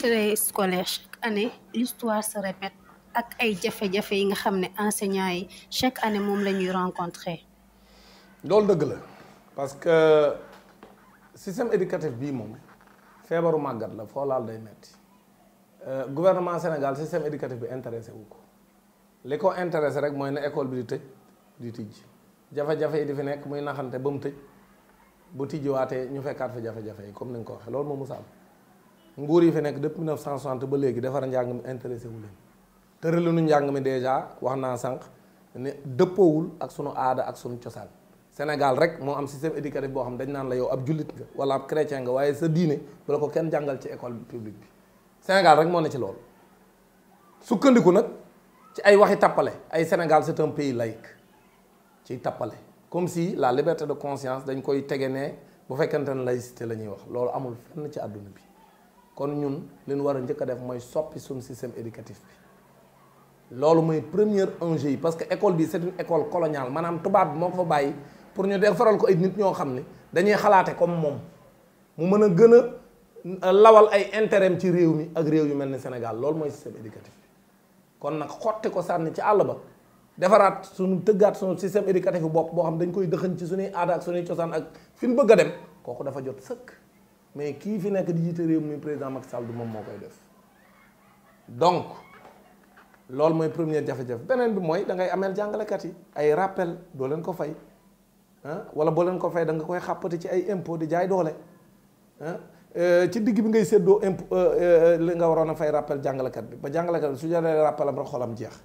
très scolaire chaque année l'histoire se répète ak ay jafe-jafe yi nga xam ne enseignants yi chaque année moom la ñuy rencontrer loolu dëgg la parce que système éducatif bii moom feebaru màggat la foo laal day metti euh, gouvernement Sénégal système éducatif bi intéressé wu ko li ko intéressé rek mooy na école bi di tëj di tijj jafe-jafe yi di fi nekk muy naxante ba mu tëj bu tijjiwaatee ñu fekkaat fa jafe-jafe yi comme ni nga ko waxee loolu moom mu nguur yi fi nekk depuis 1960 ba léegi defar njàng mi intéressé wu leen tëralinu njàng mi dèjà wax naa sànq ne dëppoowul ak sunu aada ak sunu cosaan Sénégal rek moo am système éducatif boo xam dañ naan la yow ab jullit nga wala ab chrétien nga waaye sa diine bu la ko kenn jàngal ci école publique bi Sénégal rek moo ne ci lool sukkandiku nag ci ay waxi tappale ay Sénégal c'est un pays laïque ci tappale comme si la liberté de conscience dañ koy tege ne bu fekkente ne laïcité la ñuy wax loolu amul ci àdduna bi kon ñun li war a njëkk def mooy soppi suñu système éducatif bi loolu mooy premier enjeu yi parce que école bi c'est une école coloniale maanaam tubaab bi moo ko fa bàyyi pour ñu defaral ko ay nit ñoo xam ne dañuy xalaate comme moom mu mën a gën a euh, lawal ay intérêt ci réew mi ak réew yu mel ni Sénégal loolu mooy système éducatif bi kon nag xotti ko sànni ci àll ba defaraat suñu tëggaat suñu système éducatif bi bopp boo xam dañ koy dëxëñ ci suñuy aada ak suñuy cosaan ak fi ñu bëgg a dem kooku dafa jot sëkk mais kii fi nekk di jiite réew muy président Macky Sall du moom moo koy def donc loolu mooy première jafe-jafe beneen bi mooy da ngay ameel jàngalekat yi ay rappel doo leen ko fay ah wala boo leen ko fay da nga koy xàppati ci ay impôt di jaay doole ah ci digg bi ngay séddoo impôt euh, euh, li nga waroon a fay rappel jàngalekat bi ba jàngalekat bi su jëlee rappelam rek xolam jeex.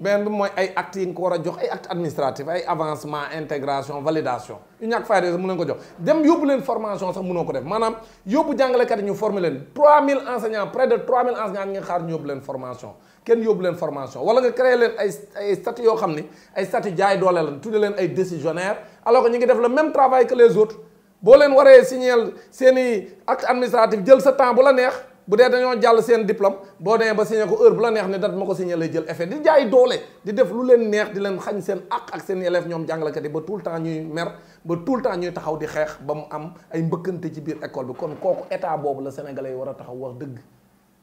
mais mooy ay actes yi nga ko war a jox ay actes administratifs ay avancement intégration validation ñu ñàkk fayda sax mën nañu ko jox dem yóbbu leen formation sax mënoo ko def maanaam yóbbu jàngalekat ñu former leen 3000 enseignants près de 3000 enseignants nga xaar ñu yóbbu leen formation kenn yóbbu leen formation wala nga créer leen ay ay statut yoo xam ni ay statut jaay doole la tudde leen ay décisionnaires alors que ñu ngi def le même travail que les autres boo leen waree signer seeni acte administratif jël sa temps bu la neex bu dee dañoo jàll seen diplôme boo demee ba signé ko heure bu la neex ne date ma ko signé lay jël effet di jaay doole di def lu leen neex di leen xañ seen àq ak seen élèves ñoom jàngalekat yi ba tout le temps ñuy mer ba tout le temps ñuy taxaw di xeex ba mu am ay mbëkkante ci biir école bi kon kooku état boobu la sénégalais yi war a taxaw wax dëgg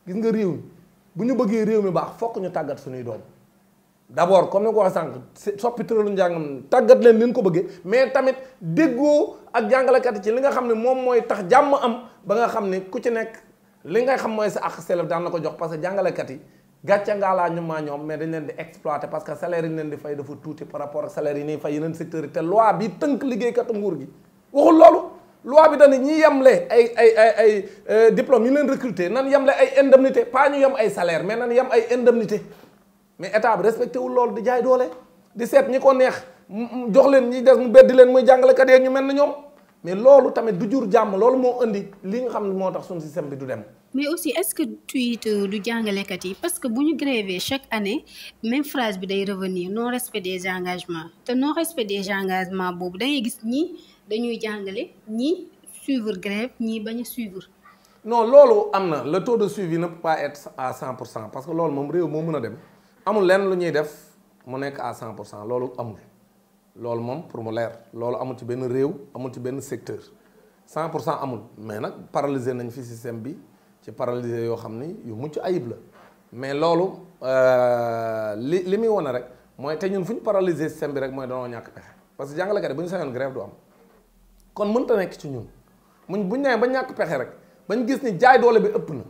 gis nga réew mi bu ñu bëggee réew mi baax fokk ñu tàggat suñuy doom d'abord kon ni ko waxee sànq soppi tëralu njàngam tàggat leen ni ñu ko bëggee mais tamit déggoo ak jàngalekat yi ci li nga xam ne moom mooy tax jàmm am ba xam ne ku ci nekk li nga xam mooy sa ak sélève daan la ko jox parce que jàngalekat yi gàcce ngaa laa ñu maa ñoom mais dañ leen di exploiter parce que salaire yi ñu leen di fay dafa tuuti par rapport ak salaire yi ñuy fay yeneen secteurs yi te loi bi tënk liggéeykatu nguur gi waxul loolu loi bi dañu ñi yemle ay ay ay ay euh, diplôme yi leen recruter nan yemle ay indemnité pas ñu yem ay salaire me nan yem ay indemnité mais état bi respecté wul loolu di jaay doole di seet ñi ko neex jox leen ñi des mu beddi leen muy jàngalekat yeeg ñu mel ne mais loolu tamit du jur jàmm loolu moo indi li nga xam ne moo tax suñu système bi du dem. mais aussi est-ce que tweet du jàngalekat yi parce que bu ñu grévé chaque année même phrase bi day revenir noo respect des engagements te non respect des engagements boobu da gis ñii dañuy jàngale ñi suivre grève ñii bañ a suivre. non loolu am na la taux de suivi ne peut pas être à 100 pour parce que loolu moom réew moo mën a dem amul lenn lu ñuy def mu nekk à 100 pour cent loolu amul. loolu moom pour mu leer loolu amul ci benn réew amul ci benn secteur 100 pour cent amul mais nag paralysé nañ fi système bi ci paralysé yoo xam ni yu mucc ayib la mais loolu euh, li li muy wane rek mooy te ñun fu ñu paralysé système bi rek mooy danoo ñàkk pexe parce que jàngalekat yi bu ñu sañoon grève du am kon mënta nekk ci ñun muñ bu ñu nee ba ñàkk pexe rek bañ gis ni jaay doole bi ëpp na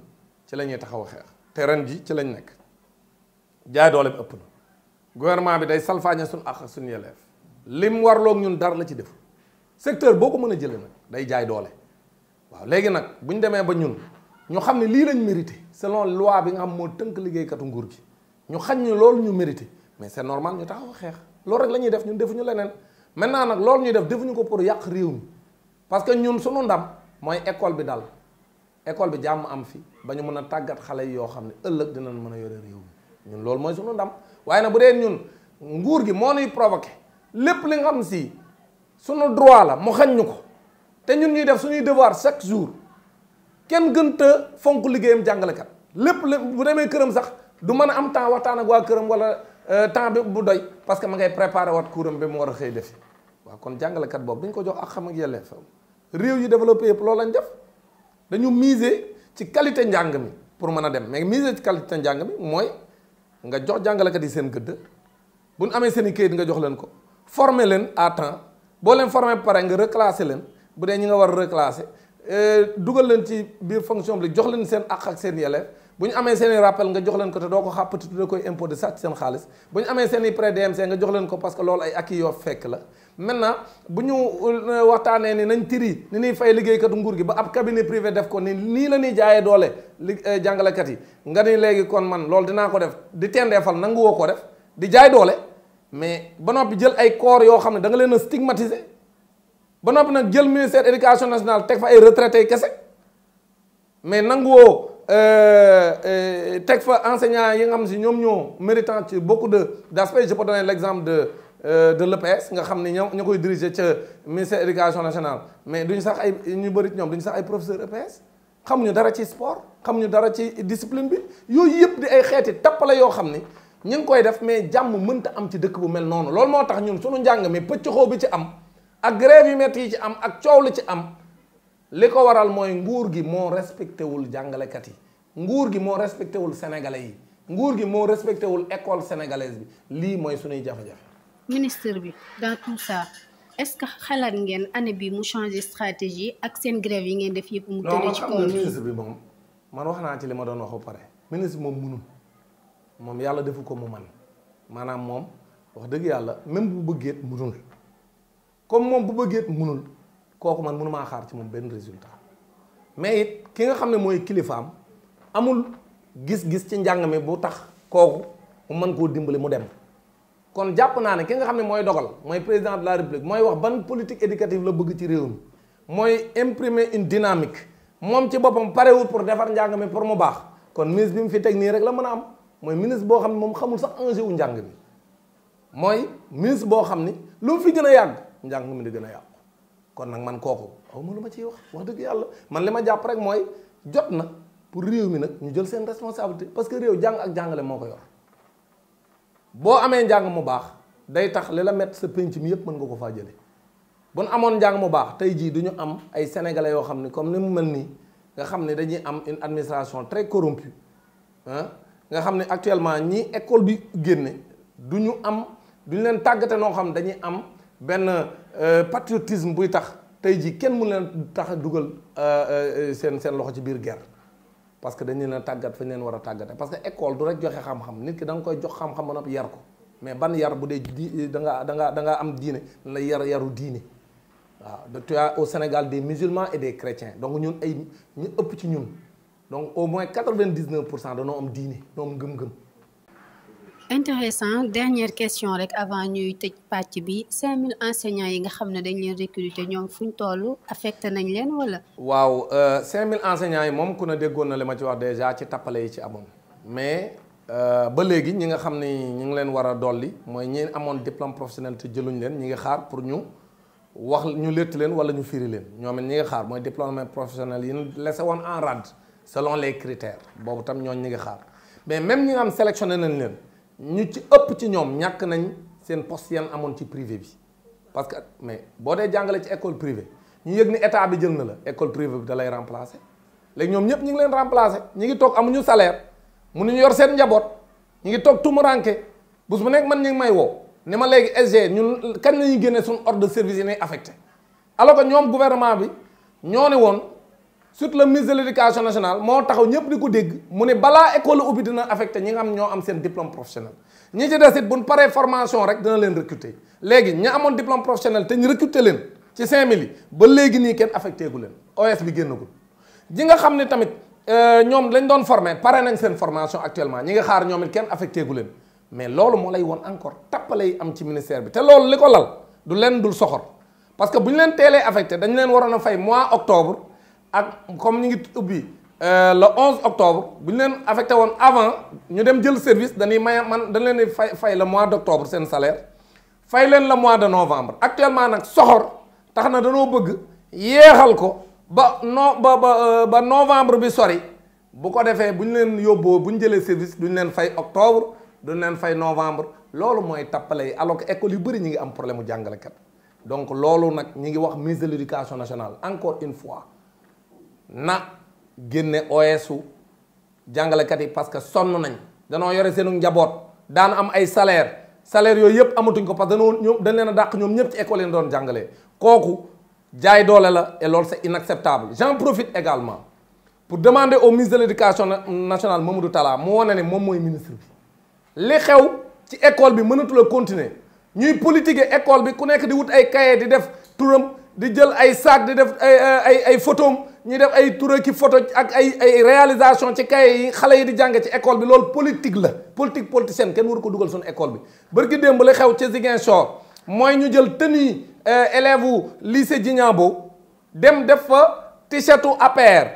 ci la ñuy taxaw xeex te ren ji ci lañ nekk jaay doole bi ëpp gouvernement bi day salfaañe suñu ak suñu yelleef lim warloog ñun dara la ci def secteur boo ko mën a jëlee nag day jaay doole waaw léegi nag bu ñu demee ba ñun ñu xam ne lii lañ mérité selon loi bi nga xam moo tënk liggéeykatu nguur gi ñu xañ ñu loolu ñu mérité mais c'est normal ñu taxaw xeex loolu la ñuy def ñun defuñu leneen maintenant nag loolu ñuy def defuñu ko pour yàq réew mi parce que ñun suñu ndam mooy école bi dal école bi jàmm am fi ba ñu mën a tàggat xale yoo xam ne ëllëg dinañ mën a yore réew mi ñun loolu mooy suñu ndam waaye nag bu dee ñun nguur gi moo ñuy provoqué lépp li nga xam si sunu droit la mu xañ ñu ko te ñun ñuy def suñuy devoir chaque jour kenn gën te fonk liggéeyam jàngalekat lépp la bu demee këram sax du mën a am temps waxtaan ak waa këram wala euh, temps bi bu doy parce que ma ngay préparer wat kuuram bi mu war a xëy defi waa kon jàngalekat boobu dañ ko jox ak xam ak yelleef réew yu développé yëpp loolu lañ def dañu miser ci qualité njàng mi pour mën a dem mais miser ci qualité njàng mi mooy nga jox jàngalekat yi seen gëdd bu ñu amee seen i kayit nga jox leen ko. former leen à temps boo leen former pare nga reclasser leen bu dee ñi nga war a reclasser euh, dugal leen ci biir fonction bi jox leen seen àq ak seen yelleef bu ñu amee seen i rappel nga jox leen ko te doo ko xàppati da koy impôt de sàcc seen xaalis bu ñu amee seen i prêt DMC nga jox leen ko parce que loolu ay acquis yoo fekk la maintenant bu ñu euh, waxtaanee ni nañ tiri ni ñuy fay liggéeykatu nguur gi ba ab cabinet privé def ko ni nii la ñuy jaaye doole li euh, jàngalekat yi nga ni léegi kon man loolu dinaa ko def di tendeefal nangu woo ko def di jaay doole mais ba noppi jël ay corps yoo xam ne da nga leen a stigmatiser ba noppi nag jël ministère éducation nationale teg fa ay retraités kese mais nanguwoo euh, euh, teg fa enseignants yi nga xam si ñoom ñoo méritant ci beaucoup de d' aspects je peux donner l' de euh, de l'EPS nga xam ni ñoom ñoo koy diriger ca ministère éducation nationale mais ñu sax ay ñu bëri ñoom duñu sax ay professeur xam ñu dara ci sport xam ñu dara ci discipline bi yooyu yëpp di ay xeeti tappale yoo xam ni. ñu ngi koy def mais jàmm mënta am ci dëkk bu mel noonu loolu moo tax ñun suñu njàng mi pëccxoo bi ci am ak grève yu métti yi ci am ak coow li ci am li ko waral mooy nguur gi moo respecté wul jàngalekat yi nguur gi moo respecté wul sénégalais yi nguur gi moo respecté wul école sénégalaise bi lii mooy suñuy jafe-jafe. ministre bi dans tout ça est-ce que xalaat ngeen année bi mu changé stratégie ak seen grève yi ngeen def yëpp. mu tëddee ci commune ministre bi moom man wax naa ci li ma doon wax ba pare ministre moom mënul. moom yàlla defu ko mu man maanaam moom wax dëgg yàlla même bu bëggeet munul comme moom bu bëggeet munul kooku man mënu maa xaar ci mu benn résultat mais it ki nga xam ne mooy kilifaam amul gis-gis ci njàng mi bu tax kooku mu mën koo dimbali mu dem kon jàpp naa ne ki nga xam ne mooy dogal mooy président de la république mooy wax ban politique éducative la bëgg ci réew mi mooy imprimer une dynamique moom ci boppam parewul pour defar njàng mi pour mu baax kon mise bi mu fi teg nii rek la mën a am mooy ministre boo xam ne moom xamul sax enjeu wu njàng mi mooy ministre boo xam ni lu mu fi gën a yàgg njàng mi di gën a yàgg kon nag man kooku aw ma lu ma ciy wax wax dëgg yàlla man li ma jàpp rek mooy jot na pour réew mi nag ñu jël seen responsabilité parce que réew jàng ak jàngale moo ko yor boo amee njàng mu baax day tax li la métti sa penc mi yëpp mën nga ko faa jëlee bu nu amoon njàng mu baax tey jii du ñu am ay sénégalais yoo xam ne comme ni mu mel nii nga xam ne dañuy am une administration très corrompue ah nga xam ne actuellement ñi école bi génne du ñu am du ñu leen tàggate noo xam dañuy am benn euh, patriotisme buy tax tey jii kenn mu leen tax a dugal euh, euh, seen seen loxo ci biir guerre parce que dañu leen tàggat fa ñu leen war a tàggate parce que école du rek joxe xam-xam nit ki da nga koy jox xam-xam ba noppi yar ko mais ban yar bu dee di danga ngaa da ngaa am diine la yar yaru diine waaw tu as au Sénégal des musulmans et des chrétiens donc ñun ay ñu ëpp ci ñun. donc au moins quatre-vingt-dix-neuf pour cent danoo am diine noo am ngëm-ngëm. intéressant dernière question rek avant ñuy tëj pàcc bi cinq mille enseignants yi nga xam ne dañ leen recruter ñoom fu ñu toll affecté nañ leen waaw euh, cinq mille enseignants yi moom ku ne déggoon na li ma ci wax déjà ci tappale yi ci amoon mais euh, ba léegi ñi nga xam ni ñu ngi leen war a dolli mooy ñi amoon diplôme professionnel te jëluñ leen ñi ngi xaar pour ñu wax ñu létt leen wala ñu firi leen ñoom it ñi ngi xaar mooy diplôme professionnel yi ñu lese woon en rade. selon les critères boobu tam ñooñ ñu ngi xaar mais même ñi nga am sélectionné nañ leen ñu ci ëpp ci ñoom ñàkk nañ seen poste yan amoon ci privé bi parce que mais boo dee jàngalee ci école privée ñu yëg ni état bi jël na la école privée bi da lay remplacer léegi ñoom ñëpp ñu ngi leen remplacer ñu ngi toog amuñu salaire ñu yor seen njaboot ñu ngi toog tumuranke bés mu nekk man ñu may wow ne ma léegi SG ñun kañ la ñuy génne suñu ordre de service yi nay affecté alors que ñoom gouvernement bi ñoo ne woon. surtout le ministre de l'éducation nationale moo taxaw ñëpp di ko dégg mu ne balaa école ubbi dina affecté ñi nga xam ñoo am seen diplôme professionnel ñi ci des it buñ paree formation rek dina leen recruter léegi ñi amoon diplôme professionnel te ñu recruter leen ci 5000 yi ba léegi nii kenn affecté gu leen OS bi génn ji nga xam ne tamit euh, ñoom lañ doon formé pare nañ seen formation actuellement ñi nga xaar ñoom kenn affecté gu leen mais loolu moo lay woon encore tappale am ci ministère bi te loolu li ko lal du leen dul soxor parce que bu leen teelee affecté dañ leen waroon a fay mois octobre. ak comme ñu ngi ubbi euh, le 11 octobre bu ñu leen affecté woon avant ñu dem jël service dañuy may man dañ leen di fay fay le mois de octobre seen salaire fay leen la mois de novembre actuellement nag soxor tax na danoo bëgg yéexal ko ba no ba ba euh, ba novembre bi sori bu ko defee bu ñu leen yóbboo bu ñu jëlee service duñ leen fay octobre duñ leen fay novembre loolu mooy tappale yi alors que école yu bëri ñu ngi am problème mu jàngalekat donc loolu nag ñu ngi wax ministre de l' nationale encore une fois na génne oesu jàngalekat yi parce que sonn nañ danoo yore seenu njaboot daan am ay salaire salaire yooyu yëpp amatuñ ko parce que danoo ñoom dañ leen a dàq ñoom ñëpp ci école yi doon jàngalee kooku jaay doole la et loolu c'est inacceptable j'en profit également pour demander au ministre de l'éducation nationale Mamadou talaa mu wane ne moom mooy ministre bi li xew ci école bi mënatul a continuer ñuy politiquer école bi ku nekk di wut ay cahier di def turam di jël ay sac di def ay ay ay photom ñuy def ay tura ki photo ak ay ay réalisation ci kay yi xale yi di jàng ci école bi loolu politique la politique politicienne kenn waru ko dugal suñu école bi bërki démb la xew ca Ziguinchor mooy ñu jël tenue euh, élève u lycée Djignabo dem def fa t-shirtu APR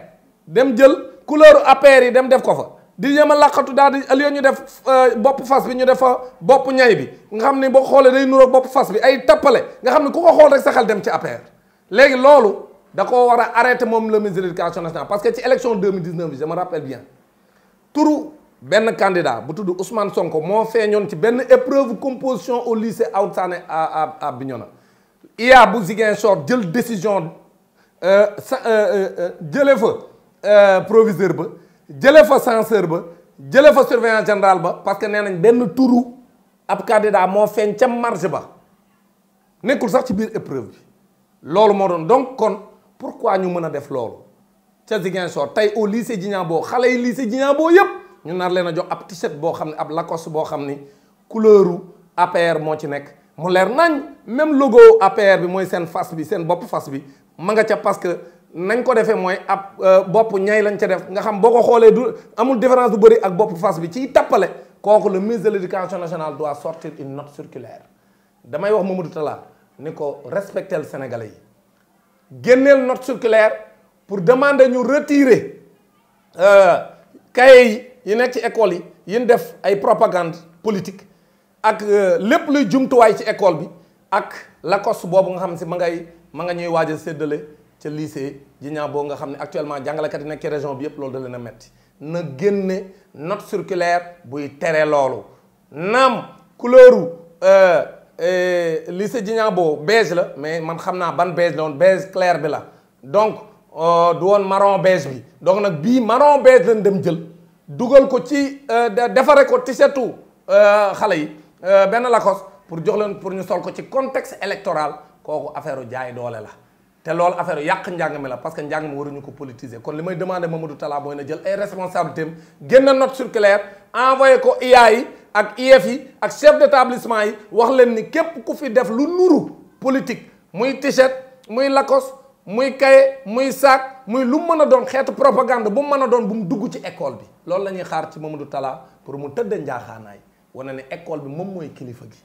dem jël couleur APR yi dem def ko fa di jéem a làqatu daal ñu def euh, bopp fas bi ñu def fa bopp ñay bi nga xam ne boo xoolee day nuroog bopp fas bi ay tappale nga xam ne ku ko xool rek sa xel dem ci APR léegi loolu da ko war a arrêté moom le ministre de l'éducation nationale parce que ci élection 2019 bi je me rappelle bien turu benn candidat bu tudd Ousmane Sonko moo feeñoon ci benn épreuve composition au lycée Aoutsane à à Bignona IA bu Ziguinchor jël décision euh, sa euh, jële fa proviseur ba jële fa censeur ba jële fa surveillant général ba parce que nee nañ benn turu ab candidat moo feeñ ca marge ba nekkul sax ci biir épreuve bi loolu moo doon donc kon pourquoi ñu mën a def loolu ca Ziguinchor tey au lycée boo xale yi lycée boo yëpp ñu nar leen a jox ab t-shirt boo xam ne ab Lacoste boo xam ni couleuru APR moo ci nekk mu leer nañ même logo APR bi mooy seen fas bi seen bopp fas bi ma nga ca parce que nañ ko defee mooy ab euh, bopp ñay lañ ca def nga xam boo ko xoolee du amul différence du bëri ak bopp fas bi ciy tappale kooku le ministre de l' éducation nationale doit sortir une note circulaire damay wax Mamadou Talla ni ko respectel Sénégalais yi génneel not circulaire pour demander ñu retirer euh, cahier yi nekk ci école yi yin def ay propagande politique ak euh, lépp luy jumtuwaay ci école bi ak lacoste boobu nga xam si ma ngay ma nga ñuy waaj a séddale ca lycée Djinnia boobu nga xam ne actuellement jàngalekat yi nekk ci région bi yëpp loolu da na a metti na génne note circulaire buy tere loolu naam couleuru euh, euh, lycée Djinnia boobu beige la mais man xam naa ban beige la woon beige bi la donc du woon marron beige bi donc nag bii maron beige lañ dem jël dugal ko ci defare ko tisetu xale yi Euh, benn lakos pour jox leen pour ñu sol ko ci contexte électoral kooku affaire jaay doole la te loolu affaire yàq njàng mi la parce que njàng mi waruñu ko politiser kon li may demandé Mamadou Talla mooy jël ay responsabilités am génn note circulaire envoyé ko IA yi ak IEF yi ak chef d'établissement yi wax leen ni képp ku fi def lu nuru politique muy t-shirt muy lakos muy kaye muy sac muy lu mën a doon xeetu propagande bu mu mën a doon bu mu dugg ci école bi loolu la ñuy xaar ci Mamadou Talla pour mu tëdd njaaxaanaay wane ne école bi moom mooy kilifa gi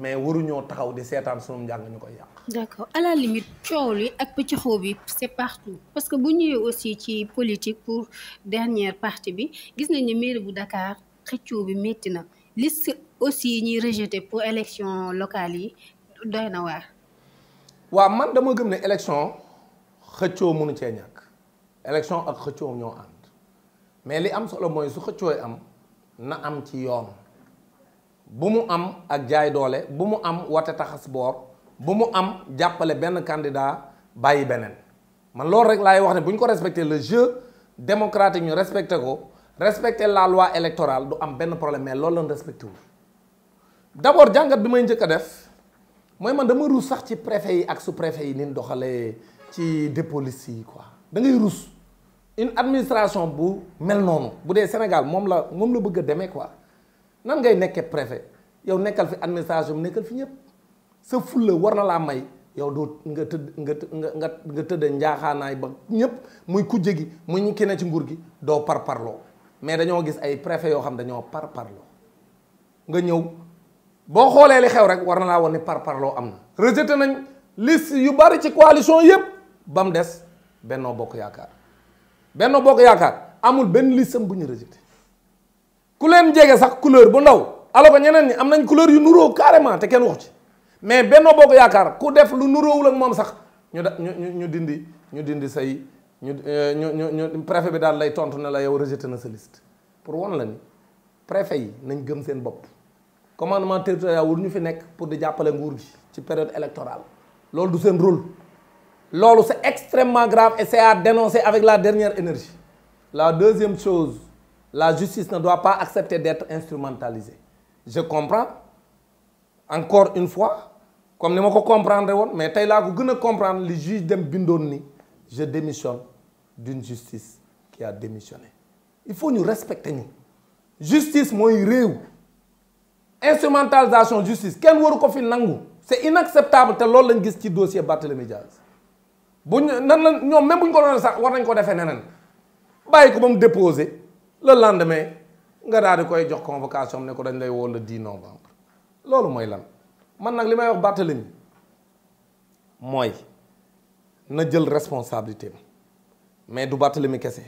mais waruñoo taxaw di seetaan sunum njàng ñu koy yàq. d' accord à la limite coow li ak pëccëxoo bi c' est partout parce que bu ñëwee aussi ci politique pour dernière partie bi gis nañ ne mairie bu dakaar xëccoo bi métti na liste aussi ñuy rejeté pour élection locale yi doy na waar. waa man dama gëm ne élection xëccoo mënu cee ñàkk élection ak xëccoo ñoo ànd mais li am solo mooy su xëccooy am na am ci yoon. bu mu am ak jaay doole bu mu am wate taxas boor bu mu am jàppale benn candidat bàyyi beneen man loolu rek laay wax ne bu ñu ko respecté le jeu démocratique ñu respecté ko respecté la loi électorale du am benn problème mais loolu lañ respecté wul d'abord jàngat bi may njëkk a def mooy man dama ruus sax ci préfet yi ak su préfet yi nin doxalee ci dépôt liste yi quoi da ngay ruus une administration bu mel noonu bu dee Sénégal moom la moom la bëgg a demee quoi nan ngay nekkee préfet yow nekkal fi administration bi nekkal fi ñëpp sa fulla war na laa may yow doo nga tëdd nga nga nga tëdd njaaxaanaay ba ñëpp muy kujje gi muy ñu na ci nguur gi doo par parloo mais dañoo gis ay préfet yoo xam dañoo par parloo nga ñëw boo xoolee li xew rek war na laa woon ni par parloo am na rejeté nañ list yu bari ci coalition yëpp ba mu des bennoo Bokk Yaakaar Benno Bokk Yaakaar amul benn listam bu ñu rejeté ku leen jege sax couleur bu ndaw alors que ñeneen ñi am nañ couleur yu nuróo carrément te kenn wax ci mais Benno Bokk Yaakaar ku def lu nuróowul ak moom sax ñu da ñu ñu ñu dindi ñu dindi say euh, ñu ñu ñu préfet bi daal lay tontu ne la yow rejeté na sa pour won la ni préfet yi nañ gëm seen bopp commandement territorial wul ñu fi nekk pour di jàppale nguur gi ci période électorale loolu du seen rôle loolu c'est extrêmement grave et c'est à dénoncer avec la dernière énergie la deuxième chose la justice ne doit pas accepter d'être instrumentalisée je comprends encore une fois comme ni ma ko comprendre woon mais tey laa ko gën a comprendre li juge dem bindoon ni je démissionne d'une justice qui a démissionné il faut ñu respecter ñu justice mooy réew instrumentalisation justice kenn waru ko fi nangu c'est inacceptable te loolu lañ gis ci dossier Barthélémy Diaz bu ñu nan la ñoom même bu ñu ko doon sax war nañ ko defee neneen bàyyi ko ba mu déposé le mais nga daal koy jox convocation ne ko dañ lay woo le novembre loolu mooy lan man nag li may wax Barthélémy mooy na jël responsabilité mais du Barthélémy kese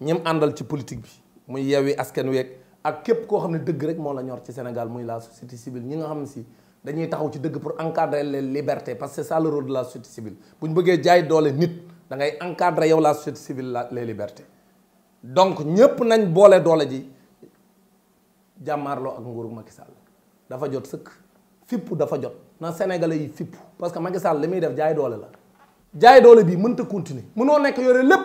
ñim àndal ci politique bi muy Yewwi Askan Wi ak képp koo xam ne dëgg rek moo la ñor ci Sénégal muy la société civile ñi nga xam si dañuy taxaw ci dëgg pour encadrer les libertés parce que c'est ça le rôle la société civile bu ñu bëggee jaay doole nit da ngay encadrer yow la société civile la les libertés donc ñëpp nañ boole doole ji jàmmaarloo ak nguuru Macky Sall dafa jot sëkk fippu dafa jot na Sénégalais yi fipp parce que Macky Sall li muy def jaay doole la jaay doole bi mënta continuer mënoo nekk yore lépp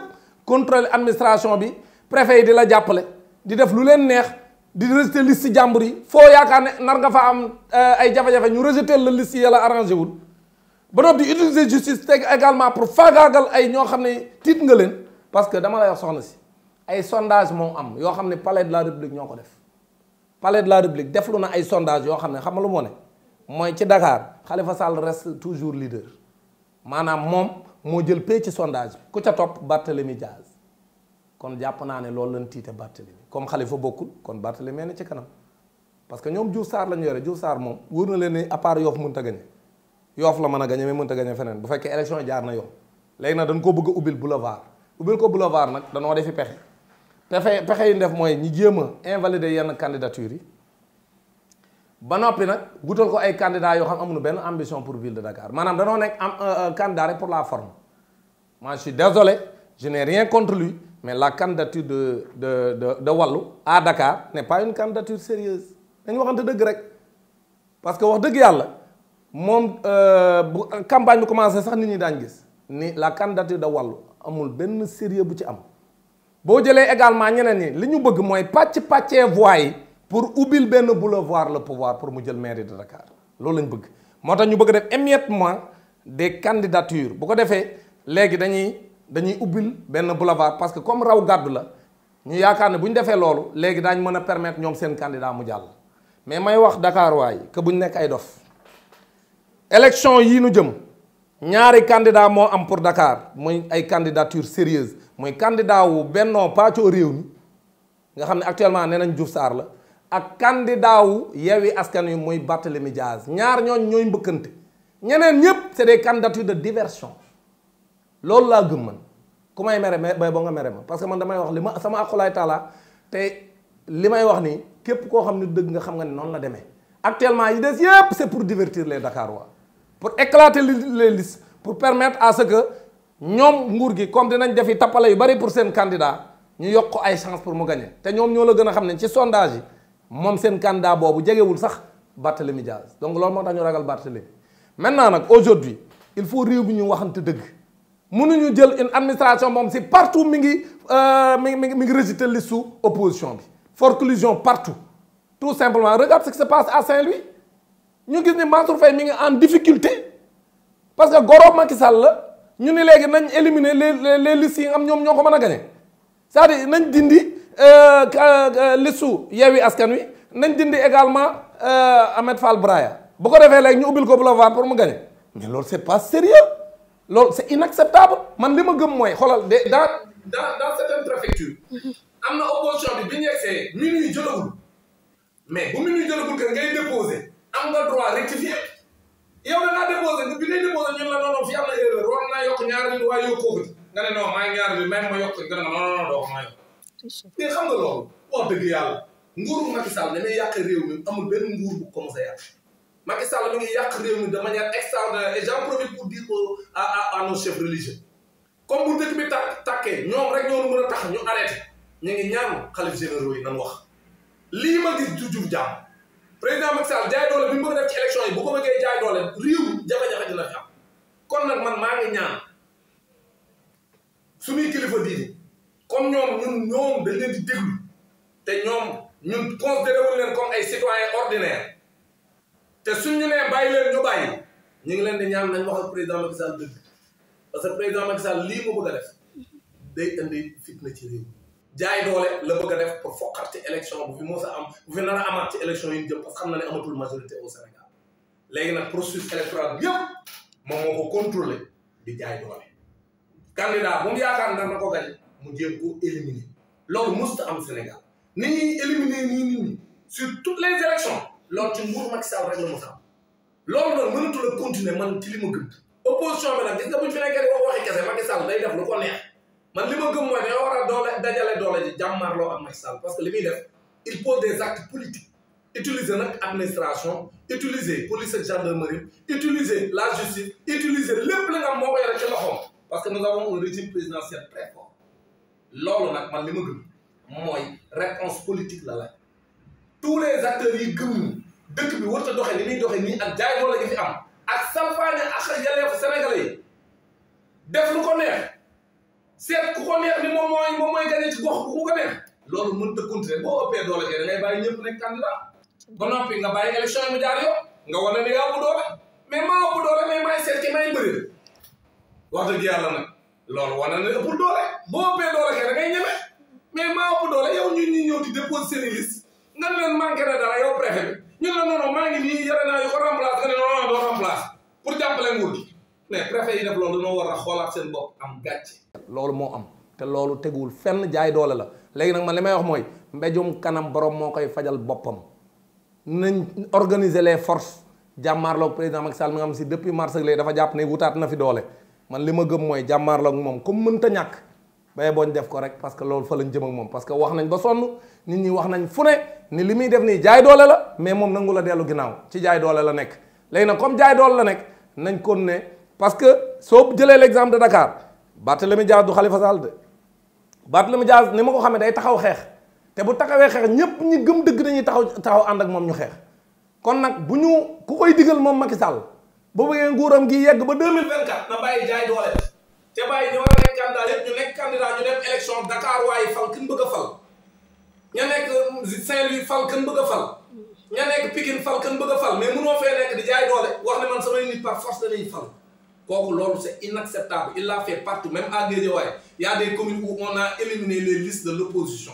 contrôle administration bi préfet yi di la jàppale di def lu leen neex di rejeter liste jàmbur yi foo yaakaar ne nar nga fa am euh, ay jafe-jafe ñu rejeter la liste yi la arrangé wul ba noppi di utiliser justice teg également pour faagaagal ay ñoo xam ne tiit nga leen que dama lay si ay sondage moom am yoo xam ne palais de la république ñoo ko def palais de la république def lu na ay sondage yoo xam ne xam nga lu moo ne mooy ci dakaar Khalifa Sall reste toujours leader maanaam moom moo jël pee ci sondage ku ca topp Barthélemy Diaz kon jàpp naa ne loolu lañ tiite Barthélemy comme Khalifa bokkul kon Barthélemy mel ni ci kanam parce que ñoom Diouf Sarr la ñu yore Diouf Sarr moom wóor na leen ne à part Yoff mënta gañe Yoff la mën a gañe mais mënta gañe feneen bu fekkee élection jaar na Yoff léegi nag dañ ko bëgg a ubbil boulevard ubbil ko nag danoo defi pexe pexe pexe yu def mooy ñi jéem a invalider yenn candidature yi ba noppi nag wutal ko ay candidats yoo xam amuñu benn ambition pour ville de Dakar maanaam danoo nekk am euh, euh, candidat rek pour la forme moi je suis désolé je n'ai mais la candidature de de de de Wallu à Dakar n'est pas une candidature sérieuse dañu waxante dëgg rek parce que wax dëgg yàlla moom euh, bu campagne bi commencé sax nit ñi daan gis ni la candidature de Wallu amul benn sérieux bu ci am boo jëlee également ñeneen ñi li ñu bëgg mooy pàcc pàccee voies yi pour ubbil benn boulevard la pouvoir pour mu jël mairie de Dakar loolu lañ bëgg moo tax ñu bëgg def émiettement des candidatures bu ko defee léegi dañuy dañuy ubbil benn boulevard parce que comme raw gàddu la ñu yaakaar ne bu ñu defee loolu léegi daañ mën a permettre ñoom seen candidat mu jàll mais may wax Dakar waay que bu ñu nekk ay dof élection yii nu jëm ñaari candidat moo am pour dakaar muy ay candidature sérieuse muy candidat wu Benno Paccoo réew mi nga xam ne actuellement nee nañ Diouf saar la ak candidat wu Yewwi Askan Wi muy Barthélémy Dias ñaar ñooñ ñooy mbëkkante ñeneen ñëpp c'est des candidatures de diversion loolu laa gëm man ku may mere mais bay boo nga mere ma parce que man damay wax li ma sama akulaay taala te li may wax ni képp koo xam ne dëgg nga xam nga ne noonu la demee actuellement yi des pour divertir les Dakarois pour éclater les listes pour permettre à ce que ñoom nguur gi comme dinañ defi tappale yu bari pour seen candidat ñu yokk ay chance pour mu gagner te ñoom ñoo la gën a xam ne ci sondage yi moom seen candidat boobu jegewul sax Barthélémy Diaz donc loolu moo tax ñu ragal Barthélémy maintenant nag aujourd'hui il faut réew mi ñu waxante dëgg ñu jël une administration moom si partout euh, mi ngi mi ngi mi ngi rejeté liste su opposition bi forclusion partout tout simplement regarde ce qui se passe à Saint-Louis ñu gis ni Mansour Faye mi ngi en difficulté parce que goro Macky Sall la ñu ni léegi nañ éliminer les les listes yi nga ñoom ñoo ko mën a gañe c'est-à-dire nañ dindi euh, euh, listu Yewwi Askan Wi nañ dindi également euh, Ahmed Fall Braya bu ko defee léegi ñu ubbil ko boulevard pour mu gañe mais loolu c'est pas sérieux loolu c'est inacceptable man li ma gëm mooy xolal de dans dans dans certaines am na opposition bi bi ñu yegsee minuit jëlagul mais bu minuit jëlagul kër ngay déposer am nga droit rectifier yow da ngaa déposé bi ngay déposé ñun la noonu fi am na erreur war naa yokk ñaari nit waaye yokkoo ko ci nga ne non maa ngi ñaari nit même ma yokk nga ne ma non non doo ko maa yokk te xam nga loolu wax dëgg yàlla nguuru Macky Sall ne muy yàq réew mi amul benn nguur bu commencé yàq Macky Sall mi ngi yàq réew mi de manière extraordinaire et j'en profite pour dire au à à nos chefs religieux comme bu dëkk bi tàkk tàkkee ñoom rek ñoo mën a tax ñu arrêté ñu ngi ñaan xalif généraux yi nan wax lii ma gis jujub jàmm président Macky Sall jaay doole bi mu bëgg def ci élection yi bu ko bëggee jaay doole réew jafe-jafe dina fi am kon nag man maa ngi ñaan suñuy kilifa diine comme ñoom ñun ñoom dañ leen di dégg te ñoom ñun considéré wuñ leen comme ay citoyen ordinaire te suñ ñu nee bàyyi leen ñu bàyyi ñu ngi leen di ñaan nañ wax ak président Macky Sall dëgg parce que président Macky Sall lii mu bëgg a def day indi fitna ci réew jaay doole la bëgg a def pour foqar ci élection bu fi mos a am bu fi nar a amaat ci élection yi ñu jëm parce xam na ne amatul majorité au Sénégal léegi nag processus électoral yëpp moom moo ko contrôlé di jaay doole. candidat moom yaakaar na na ko gañ mu jéem ko éliminer loolu mosut am Sénégal ni ñuy éliminer nii sur toutes les élections loolu ci nguuru Macky Sall rek la mos a am loolu nag mënatul a continuer man ci li ma gëm opposition bi nag gis nga bu ñu fi nekkee di wax waxi def lu man li ma gëm mooy dañoo dajale doole ji jàmmarloo ak Macky Sall parce que li muy def il pose des actes politiques utiliser nag administration utiliser police ak gendarmerie la justice utiliser lépp la nga am moo ko yore parce que nous avons un régime présidentiel très fort loolu nag man li ma gëm mooy réponse politique la la tous les acteurs yi dëkk bi warut a doxee ni muy doxe nii ak jaay doole gi fi am ak salfaane ak yàlla yëpp Sénégalais yi def lu ko seet ku ko neex ni moom mooy moom mooy gagné gox bu mu ko loolu mënut a continuer boo ëppee doole kay da ngay bàyyi ñëpp nekk candidat ba noppi nga bàyyi élection yi mu jaar doole mais maa ëpp doole mais maay seet ki may bëri wax dëgg yàlla nag loolu wane na doole boo ëppee doole kay da ñeme mais maa ëpp doole yow ñun ñuy ñëw di déposer seen nga ne leen manqué na dara yow préfet bi ñun la maa ngi nii yore naa yu ko remplace nga ne non non doo remplace pour jàppale mais préfet yi loolu dañoo war a xoolaat seen bopp am gàcce. loolu moo am te loolu teguwul fenn jaay doole la léegi nag man li may wax mooy mbéjum kanam borom moo koy fajal boppam nañ organiser les force jàmmaarloog président Macky Sall ma nga am si depuis mars ak léegi dafa jàpp ne wutaat na fi doole man li ma gëm mooy jàmmaarloog moom comme mënta ñàkk bay booñ def ko rek parce que loolu fa lañ jëm ak moom parce que wax nañ ba sonn nit ñi wax nañ fu ne ni li muy def nii jaay doole la mais moom nangu la dellu ginnaaw ci jaay doole la nekk léegi nag comme jaay la nekk nañ kon ne parce que soo jëlee l'exemple de Dakar Barthélémy Dias du Khalifa Sall de Barthélémy Dias ni ma ko ne day taxaw xeex te bu taxawee xeex ñépp ñi gëm dëgg dañuy taxaw taxaw ànd ak moom ñu xeex kon nag bu ñu ku koy digal moom Macky Sall bu bëggee nguuram gi yegg ba 2024 na bàyyi jaay doole te bàyyi ñoo nekk candidat yépp ñu nekk candidat ñu dem élection Dakar fal kin bëgg a fal ña nekk Saint-Louis fal kin bëgg a fal ña nekk a fal mais ne man samay nit par force dañuy kooku loolu c'est inacceptable il l'a fait partout même à Guédiawaye il y a des communes où on a éliminé les listes de l'opposition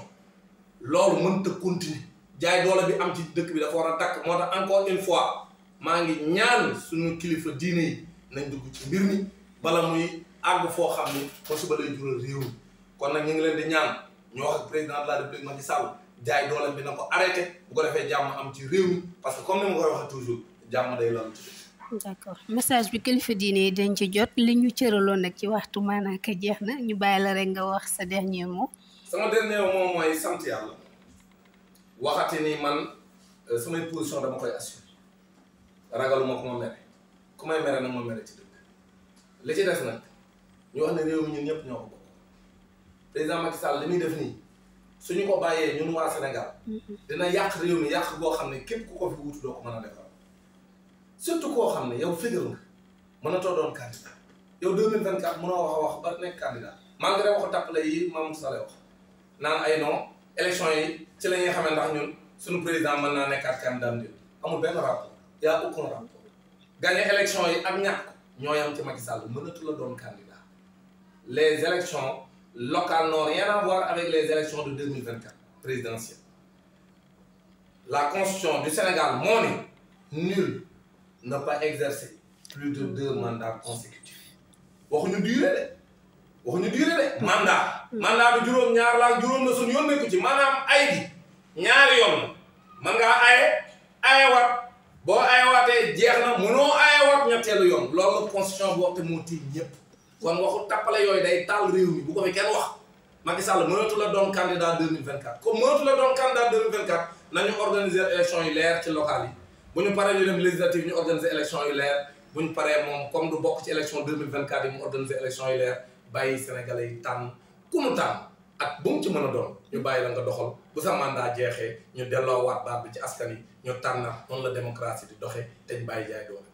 loolu mënta continuer jaay doole bi am ci dëkk bi dafa war a takk moo tax encore une fois maa ngi ñaan suñu kilifa diine yi nañ dugg ci mbir mi bala muy àgg foo xam ni mosuba lay jural réew mi kon nag ñu ngi leen di ñaan ñoo wax ak président de la république Macky Sall jaay dooleem bi na ko arrêté bu ko defee jàmm am ci réew parce que comme ni toujours jàmm day loolu d'accord message bi kilifa diine yi dañ jot li ñu cëraloon nag ci waxtu maanaaka jeex na ñu bàyyi la rek nga wax sa dernier mot. sama dernier mot mooy sant yàlla waxati ni euh, ma mere ku may mere nag ma mere ci dëkk li ci des nag ñu wax ne réew mi ñun ñëpp ñoo ko bokk président Macky Sall li muy def nii suñu ko bàyyee ñun waa Sénégal mm-hmm. dina yàq réew mi yàq boo xam ne képp ku ko fi wutu doo ko mën a def surtout koo xam ne yow figure nga mënatoo doon candidat yow 2024 mënoo wax a wax ba nekk candidat malgré la tàppale yi Mamour Sall wax naan ay non élection yi ci la ñuy xamee ndax ñun suñu président mën naa nekkaat candidat bi amul benn rapport y'a aucun rapport yi ak ñàkk ñoo yam ci Macky la doon candidat les élections locales n'ont rien à avec les élections de 2024 présidentielles la constitution du Sénégal moo ne n'a pas exercé plus de deux mandats consécutifs waxuñu durée de waxuñu durée de mandat mandat juróom ñaar la juróom na suñu yoon nekku ci maanaam ay gi ñaari yoon la man ngaa aye ayewaat boo ayewaatee jeex na mënoo ayewaat ñetteelu yoon loolu constitution bu waxte moo tiim ñëpp kon waxu tappale yooyu day taal réew mi bu ko fi kenn wax Macky Sall mënatu la doon candidat 2024 comme mënatu la doon candidat 2024 nañu organiser élection yi leer ci local yi bu ñu paree ñu dem législative ñu organiser élection yu leer bu ñu paree moom comme du bokk ci élection 2024 yi mu organiser élection yu leer bàyyi Sénégalais yi tànn ku mu tànn ak bu mu ci mën a doon ñu bàyyi la nga doxal bu sa mandat jeexee ñu delloo waat baat bi ci askan yi ñu tànn noonu la démocratie di doxe te ñu bàyyi jaay doole